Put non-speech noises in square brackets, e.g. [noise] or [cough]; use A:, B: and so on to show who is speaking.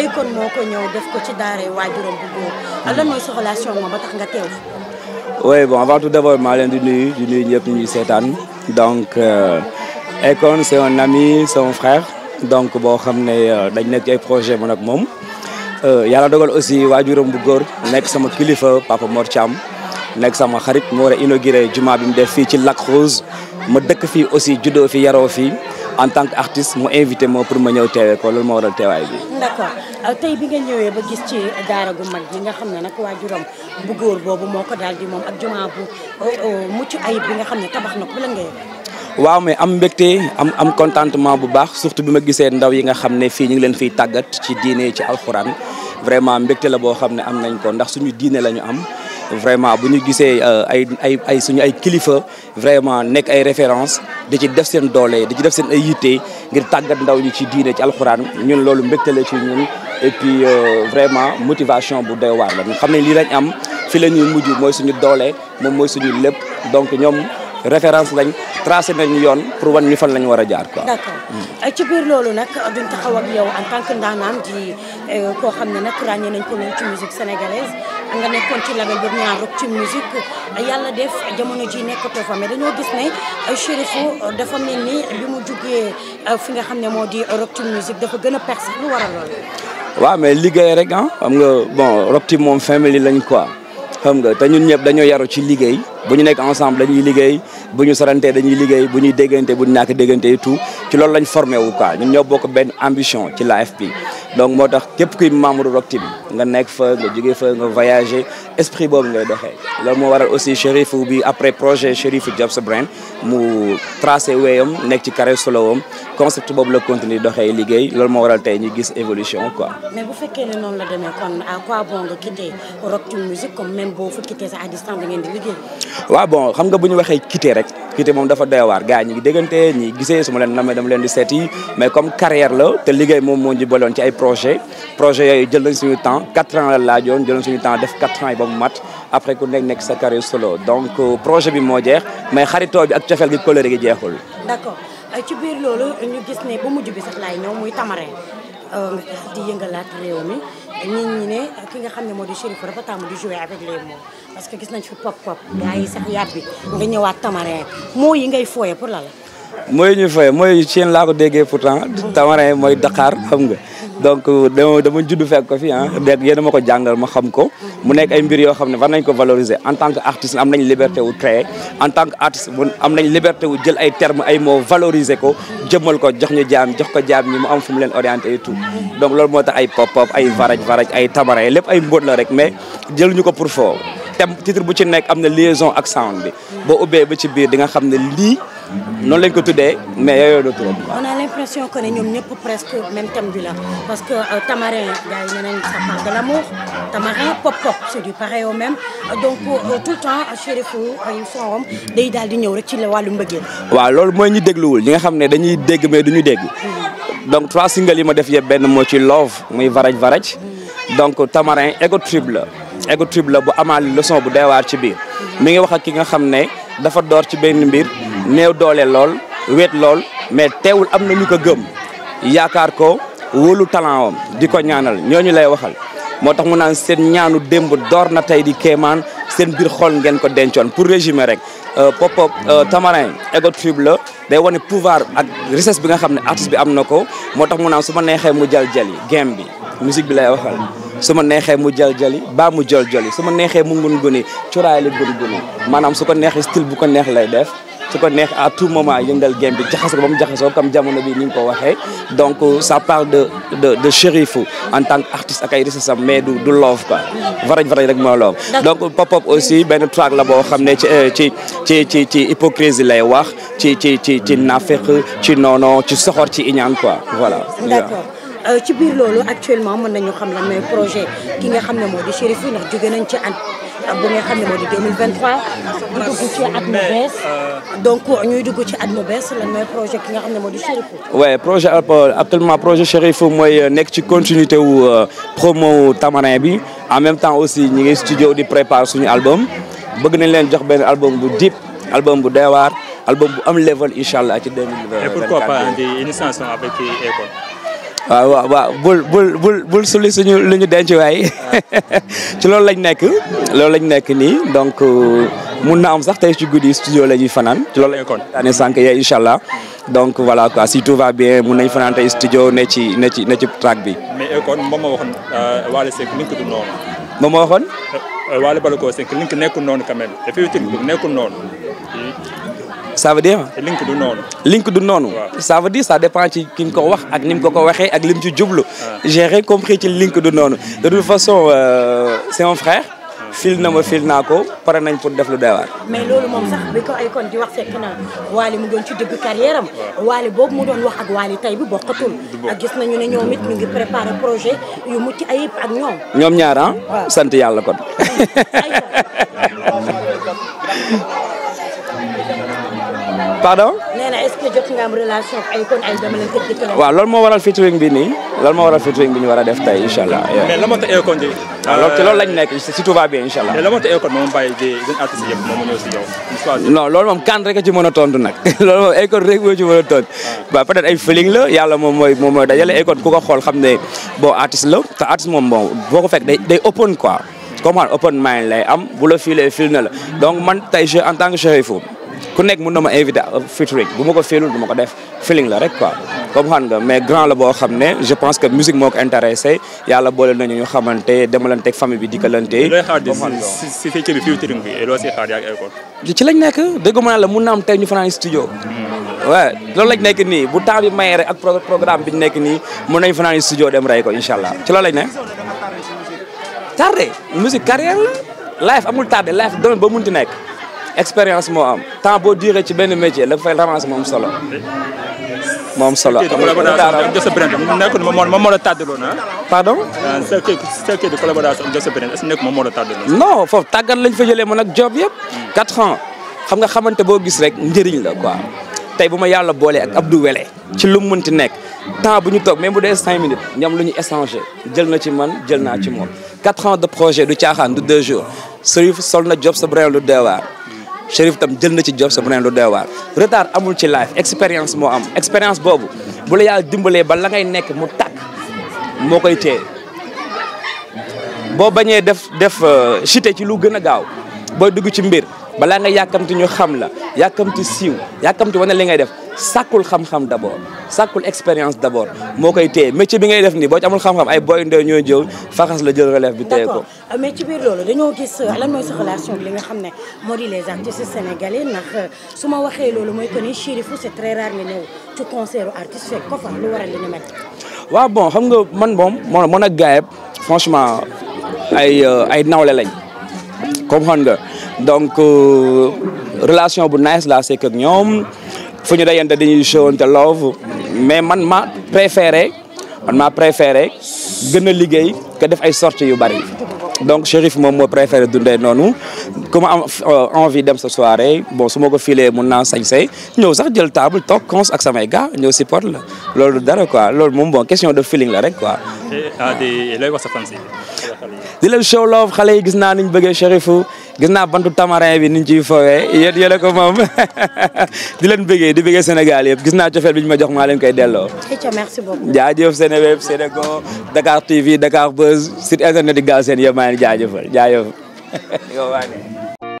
A: ay kon moo ko ñëw def ko ci daara waajuram bu góor ah, lan mooy sa relation moom ba tax nga teew fi.
B: avant tout d'abord maa leen di nuy di nuyu ñëpp ñuy seetaan donc euh, Akon c'est un ami c'est un frère donc boo xam ne euh, dañ nekk ci projet man ak moom euh, yàlla dogal aussi waajuram bu góor nekk sama kilifa papa Mor Thiam nekk sama xarit mu war a inauguré bi mu def fii ci Lac Rose ma dëkk fii aussi juddoo fi yaroo fii en tant que artiste mu invité ma pour ma ñëw teewee ko loolu moo waral teewaay euh,
A: bi. nga ñëwee ba gis ci daara gu mag gi nga xam ne nag waajuram bu góor boobu moo ko daal di moom ak jumaa bu euh, euh, mucc ayib bi nga xam ne tabax na ko la
B: waaw mais am mbégte am am contentement bu baax surtout bi ma gisee ndaw yi nga xam ne fii ñu ngi leen fiy tàggat ci diine ci alxuraan vraiment mbégte la boo xam ne am nañ ko ndax suñu diinee la ñu am. vraiment bu ñu gisee euh, ay ay suñu ay kilifa vraiment nekk ay référence di ci def seen doole di ci def seen ay yitte ngir tàggat ndaw ñi ci diine ci alxuraan ñun loolu mbégtale ci ñun et euh, vraiment motivation bu doy waar la ñu xam ne lii lañ am fi la ñuy mujj mooy suñu doole moom mooy suñu lépp donc ñoom référence lañ tracé nañu yoon pour wan ñu fan lañ war a jaar quoi.
A: d'accord mm. ci biir loolu nag duñ taxaw ak yow en tant que ndaanaan di euh, koo xam ne nag ràññee nañ ko ci musique nga nekkoon ci label bu ñaar rock ci musique yàlla def jamono ji nekkatoo fa mais dañoo gis ne Cherifou dafa mel ni bi mu jugee euh, fi nga xam ne moo di rock ci musique dafa gën a percé lu waral loolu.
B: waaw mais liggéey rek am ah, xam nga bon rock ci moom famille lañ quoi xam nga te ñun ñëpp dañoo yaru ci liggéey bu ñu nekk ensemble dañuy liggéey. bu ñu sorantee dañuy liggéey bu ñuy déggante bu ñu ñàkk déggante et tout ci loolu lañ formé wu quoi ñun ñoo bokk benn ambition ci l'AFP donc moo tax képp kuy membre Rock Team nga nekk fa nga jógee fa nga moo waral aussi Chérif bi après projet Chérif Jobs Brain mu tracé wéyam nekk ci la continuer doxee liggéey loolu moo waral tey ñu gis évolution quoi.
A: mais bu fekkee ne noonu la demee kon à nga quitter Rock Team Musique comme même boo fa quitter sa à distance ngeen di liggéey.
B: waaw bon xam nga bu ñu waxee quitter rek xiite moom dafa doy waar gars yi ñu ñi gisee su ma leen namee dama leen di seeti mais comme carrière la te liggéey moom moo ñu boloon ci ay projet projet yooyu jël nañ suñu temps 4 ans la laajoon jël nañ suñu temps def ans yi ba mu mat après ku nekk nekk sa carrière solo donc euh, projet bi moo jeex mais xaritoo bi ak cofeel gi colère gi jeexul.
A: d'accord euh, ci biir loolu ñu gis ne bu mujj bi sax laay ñëw muy Tamarin Euh, di yëngalaat réew mi nit ne ki nga xam ne moo di Chérif dafa tàmm di jouer avec les mots parce que gis nañ fi pop pop gaa i sax yàbbi nga ñëwaat tamarin moo yi ngay fooye pour la la
B: mooy ñuy fooye mooy seen laa ko déggee pourtant tamarin mooy Dakar xam nga donc dama dama judd fekk ko fi ah dégg yéen ma ko jàngal ma xam ko mu nekk ay mbir yoo xam ne war nañ ko valoriser en tant que artiste am nañ liberté wu créer en tant que artiste am nañ liberté wu jël ay terme ay mo valoriser ko jëmmal ko jox ñu jaam jox ko jaam ñi mu am fu mu leen orienté et tout donc loolu moo tax ay pop pop ay varaj varaj ay tabara lépp ay mbóot la rek mais jël ñu ko pour foo thème titre bu ci nekk am na liaison ak sound bi boo ubbee ba ci biir di xam ne lii noonu lañ ko tuddee mais yooyu la turam.
A: ñëpp presque même thème bi la parce que euh, tamarin gars yi nee nañ ça parle tamarin pop pop c'est du pareil au même donc euh, euh, tout le temps Chérifou ay sonam day daal di ñëw rek ci wàllu mbëggeel.
B: waaw loolu mooy ñu dégluwul ñi nga xam ne dañuy dégg mais duñu dégg mm. donc trois singles yi ma def yëpp benn moo ci love muy varaj varaj mm. donc tamarin ego trip la. ego trip la bu amaal leçon bu deewaar ci biir mi ngi wax ak ki nga xam ne dafa door ci benn mbir néew doole lool weet lool mais teewul am na lu ko gëm yaakaar ko wóolu talent am di ko ñaanal ñooñu lay waxal moo tax mu naan seen ñaanu démb door na tey di kemaan seen biir xol ngeen ko dencoon pour résumer rek euh, pop-up euh, Tamarin ego trip la day wane pouvoir ak richesse bi nga xam ne artiste bi am na ko moo tax mu naan su ma neexee mu jal jali game bi musique bi lay waxal su ma neexee mu jël jëli baa mu jël jëli su ma neexee mu ngun guni curaay la gun guni maanaam su ko neexee style bu ko neex lay def su ko neex à tout moment yëngal game bi jaxase ko ba mu jaxasoo comme jamono bi ni nga ko waxee donc sa part de de de Chérif en tant que artiste ak ay risasam mais du du love quoi varaj varaj rek moo love donc pop up aussi benn track la boo xam ne ci euh, ci ci ci ci hypocrisie lay wax ci ci ci ci nafeq ci noono ci soxor ci iñaan quoi voilà
A: Euh, ci biir loolu actuellement mën nañu xam lan mooy projet ki nga xam ne moo di Chérif ndax jóge nañ ci at bu nga xam ne moo di 2023 di dugg ci at mu bees donc ñuy dugg ci at mu bees lan mooy projet ki nga xam ne moo di Chérif.
B: waaw projet euh, actuellement projet Chérif mooy euh, nekk ci continuité wu promo Tamarin bi en même temps aussi ñi ngi studio di préparer suñu album bëgg nañ leen jox benn album bu deep album bu deewaar album bu am level incha allah ci 2024. et pourquoi pas indi une chanson avec Akon waa waaw waaw bul bul bul bul suli suñu lu ñu denc waay [laughs] ci loolu lañ nekk loolu lañu nekk nii donc euh, mun na am sax tey ci guddi studio la ñuy fanaan ci loolu la ñu kon daane sànq yee incha allah donc voilà quoi si bien mun nañ fanaan tey studio ne ci ne ci ne ci track bi. mais Akon euh, moom moo waxoon euh, Wally Seck link du noonu. moom moo waxoon. Wally Ballago Seck link nekkul noonu quand même te fii noonu. ça veut link du noonu. link du noonu. ça veut dire ça dépend ci ki ko wax ak ni mu ko ko waxee ak lim ci jublu. j'ai rien ci link du noonu. de toute façon euh, c'est un frère. fil na ma fil naa ko pare nañ pour def lu doy waar.
A: mais loolu moom sax bi ko ay kon di wax fekk na Wally mu doon ci dëgg carrière am. Wally boobu mu doon wax ak Wally tey bi bokkatul. ak gis nañu ne ñoom it ñu ngi préparé projet yu mucc ayib ak ñoom.
B: ñoom ñaar ah. sant yàlla kon. [laughs] [laughs] pardon.
A: nee na est que jot relation waaw
B: loolu moo waral featuring bi nii loolu moo waral featuring bi ñu war a def tey incha allah. mais la ah, euh, lañ nekk si tout va bien incha allah. mais la moo tax moom bàyyi di gën artiste moom mu rek a ci mën a tontu nag [laughs] loolu moom Akon rek moo ci mën a tontu. Ah. waaw ay feeling la yàlla moom mooy moom mooy dajale Akon ku ko xool xam ne bon artiste la te artiste moom bon boo ko fekk day day open quoi. comme open mind lay am bu la filee fil na la donc man tey je e tant que ku nekk mën na ma invité euh, featuring bu ma ko feelul du ma ko def feeling la rek quoi comme xam nga mais grand la boo xam ne je pense que musique moo ko intéressé yàlla boole na ñu xamante demalanteeg famille bi dikkalante. looy xaar bi featuring bi loo siy xaar yaa ngi école. ci lañ nekk déggu ma la mun na am tey ñu fanaan studio. waaw loolu lañ nekk nii bu temps bi mayee rek ak programme bi ñu nekk nii mën nañ fanaan studio dem rey ko incha allah ci loolu lañ nekk. tardé musique carrière la life amul tardé life domaine ba nekk. expérience moo am temps boo duré ci benn métier la fay ramasse moom solo moom solo. collaboration Josso Brand nekkul moom moom moo la tàddaloon ah. pardon. Euh, sa kii sa kii de collaboration Josso Brand est-ce que nekk moom moo la tàddaloon. non foofu tàggat lañ fa jëlee man ak job yëpp. 4 ans xam nga xamante boo gis rek njëriñ la quoi. tey bu ma yàlla boolee ak Abdou Wele. ci lu mu mënti nekk temps bu ñu toog même bu dee cinq minutes ñoom lu ñu échanger jël na ci man jël naa ci moom. 4 ans de projet du caaxaan du 2 jours Serif sol na job sa brin lu deewaar. Chérif tam jël na ci job sa bu neen lu doy waar amul ci life expérience moo am expérience boobu bu la yàlla dimbalee ba la ngay nekk mu tàkk moo koy téye boo bañee def def euh, chuté ci lu gën a gaaw boo dugg ci mbir balaa nga yàkkamti ñu xam la yàkkamti siiw yàkkamti wane li ngay def sàkkul xam-xam d' abord sàkkul expérience d' abord moo koy téye métier bi ngay def nii boo ci amul xam-xam ay boy ndew ñooy jëw faxas la jël relève bi téye ko euh,
A: mais ci biir loolu dañoo gis euh, lan relation bi li nga xam ne moo di les artistes sénégalais euh, su ma waxee loolu mooy que ni Chérifou c' est très rare nga ñëw ci concert artiste fekk ko fa lu waral li ñu mel
B: waaw bon xam nga man moom moo mën a gaayeb franchement ay ay nawle lañ comme xam nga donc relation bu nice la c'est ñoom fu ñu dajante dañuy showante love mais man ma préféré man ma préféré gën a liggéey que def ay sorties yu bari donc Chérif moom moo préféré dundee noonu comme ma am euh, envie dem sa soirée bon su ma ko file mun naa sañse ñëw sax jël table toog cons ak samay ga ñëw support la loolu dara quoi loolu moom bon question de feeling la rek quoi. Ah, di lay show love xale yi gis naa ñu bëggee Chérifu gis naa bantu tamarin bi niñ ciy fowee yéen yéen ko moom [laughs] di leen bëggee di bëggee Sénégal yëpp gis naa cofeel bi ñu ma jox maa leen koy delloo. merci beaucoup. jaajëf Seneweb Sénégo Dakar TV Dakar Buzz site internet yi Galsen yëpp maa ngi leen [laughs]